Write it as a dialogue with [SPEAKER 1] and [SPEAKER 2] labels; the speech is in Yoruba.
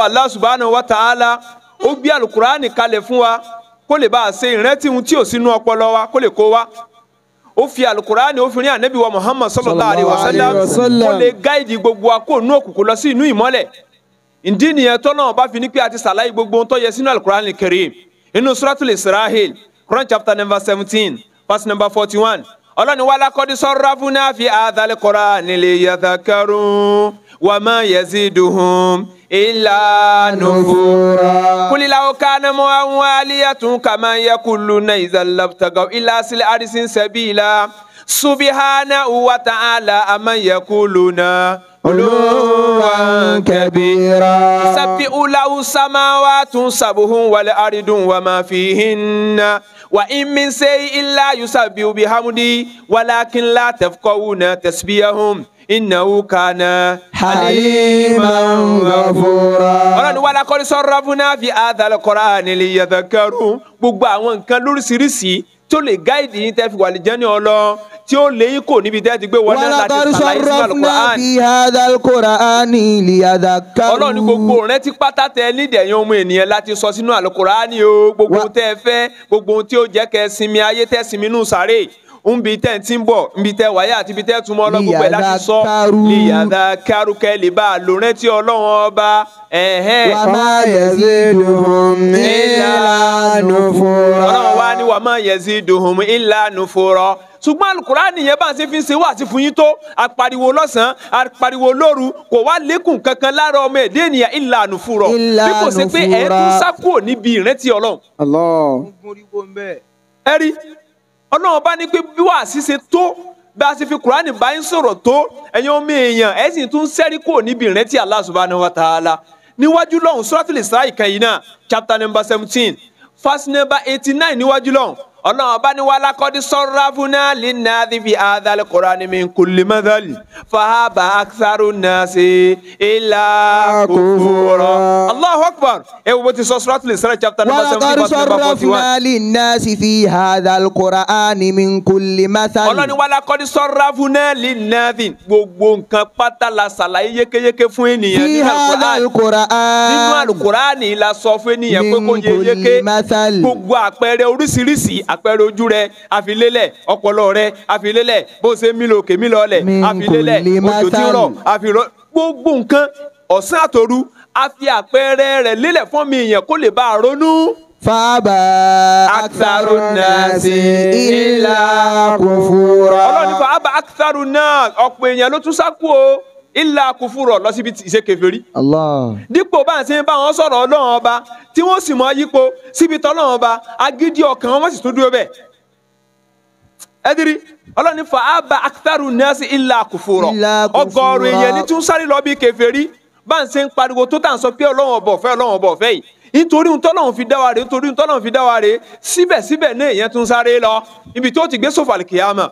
[SPEAKER 1] Allah subhanahu wa ta'ala ó gbé alukurani kalẹ̀ fún wa kó lè bá a ṣe ìrántí ohun tí ò sínú ọpọlọ wa kó lè kó wa ó fi alukurani ó fi wa Muhammad sallallahu alayhi wa sallam kó lè gáìdì gbogbo wa kó nú òkùnkùn lọ sí inú ìmọ́lẹ̀ ìdí nìyẹn tọ́nà bá fi ní pé a ti ṣàlàyé gbogbo ohun tó yẹ sínú alukurani Karim inú suratul Israhil Quran chapter number seventeen verse number forty-one ọlọ́ni wàlá kọ́dí sọ́ra fún fi àdàlẹ́ kọ́ra nílé yàtà kẹrùn wà má yẹsí dùhùn ilà nùfúra. kulilawo kánà mọ́ àwọn aliyatun kàmá yẹ kulu náà ìzàlàbùtàgà ilà sílẹ̀ àdìsí sẹ́bìlà subihana wa ta'ala àmà yẹ kulu náà. Olúwa kẹbíra. Sábì ulawu samáwá tún sàbùhùn wàlẹ̀ àrídùn wàmà fìhìn wa in min shay'in illa yusabbihu bihamdi walakin la tafqahuna tasbihahum innahu kana haliman ghafura. ọlọ́run ní wàlá kọ́ni sọ̀rọ̀ fún náà fi àdàlẹ́ kọ́ra nílẹ̀ yàtọ̀ kẹrù gbogbo àwọn nǹkan lóríṣiríṣi tí ó lè gáìdì yín tẹ́ fi wà lè jẹ́ ọlọ tí ó lè yín kò níbi tẹ́ ti gbé wọlé láti sàlàyé sínú alukur'an. fi hadal gbogbo rẹ ti pátá tẹ nídìí ẹ̀yin ènìyàn láti sọ sínú alukur'an o gbogbo tẹ́ ẹ fẹ́ gbogbo tí ó jẹ́ kẹ́ sinmi ayé tẹ́ sinmi nù sáré nbi tẹ́ ń ti ń bọ̀ nbi tẹ́ wáyé àti ibi tẹ́ tún mọ́ ọlọ́gbọ́n pẹ̀lú láti sọ lìyàdá kárùkẹ́ lè bá a lò rántí ọlọ́run ọba. wà á máa ìlànà fúnra. ọlọ́run wa ni wà á máa ìlànà fúnra ṣùgbọ́n alukurani yẹn bá ń ṣe fi ń ṣe wá sí fún yín tó apariwo lọ́sàn-án apariwo lóru kò wá lékùn kankan lára ọmọ èdè ènìyàn ìlà ànúfúrọ̀ bí kò ọlọ́run bá ní pé bí wàá ṣíṣe tó bí a ṣe fi kùránì bá ń sọ̀rọ̀ tó ẹ̀yin omi èèyàn ẹ̀ sì tún sẹ́rí kúrò níbi ìrántí Allah subhanahu wa ta'ala níwájú lọ́hùn suratul Isra ìkẹyìn náà chapter number seventeen verse number eighty nine níwájú lọ́hùn ọlọ́run ọba ni wàhálà kọ́dí sọ́ráfúnà lẹ́nàdí fi àdàlẹ́ kọ́ránì mi kò lè má dàlí fàábà àkàrò náà ṣe é là kó fòrò kufar ẹ wo bó ti sọ suratul Isra chapter number seventeen verse number forty one. wàlàkọ́dí sọ̀rọ̀ linnasi fi hadhal Qur'ani min kulli mathal. ọlọ́ni wàlàkọ́dí sọ̀rọ̀ fúnẹ́ linnasi gbogbo nǹkan pátá la ṣàlàyé yékéyéké fún ènìyàn ní Al-Qur'ani nínú Al-Qur'ani la sọ fún ènìyàn pé kó yé yéké gbogbo àpẹẹrẹ oríṣiríṣi àpẹẹrẹ ojú rẹ àfilélẹ̀ ọpọlọ rẹ a fi àpẹẹrẹ rẹ̀ lélẹ̀ fún mi yẹn kó lè bá a ronú. fábà akitaro nasi ilà kufura. ọlọ́run fábà akitaro náà ọ̀pọ̀ èèyàn ló tún sá o ilà kufura lọ síbi ìṣe kèfèrí. Allah. dípò bá ń ṣe bá wọn sọ̀rọ̀ ọlọ́run ọba tí wọ́n sì mọ yípo síbi tọ́lọ́run ọba agídí ọkàn wọn sì tún dúró bẹ́ẹ̀. ẹ dirí fa aba akitaro nasi ilà kufura ọgọ́rùn-ún èèyàn tún sáré lọ bí kèfèrí bá ń ṣe ń pariwo tó tà ń sọ pé ọlọ́run ọ̀bọ̀ fẹ́ ọlọ́run ọ̀bọ̀ fẹ́ yìí nítorí ohun tọ́lọ́run fi dá wa rèé nítorí ohun tọ́lọ́run fi dá wa rèé síbẹ̀síbẹ̀ náà èèyàn tún sáré lọ ibi tó ti gbé sòfò àlìkìyàmọ̀.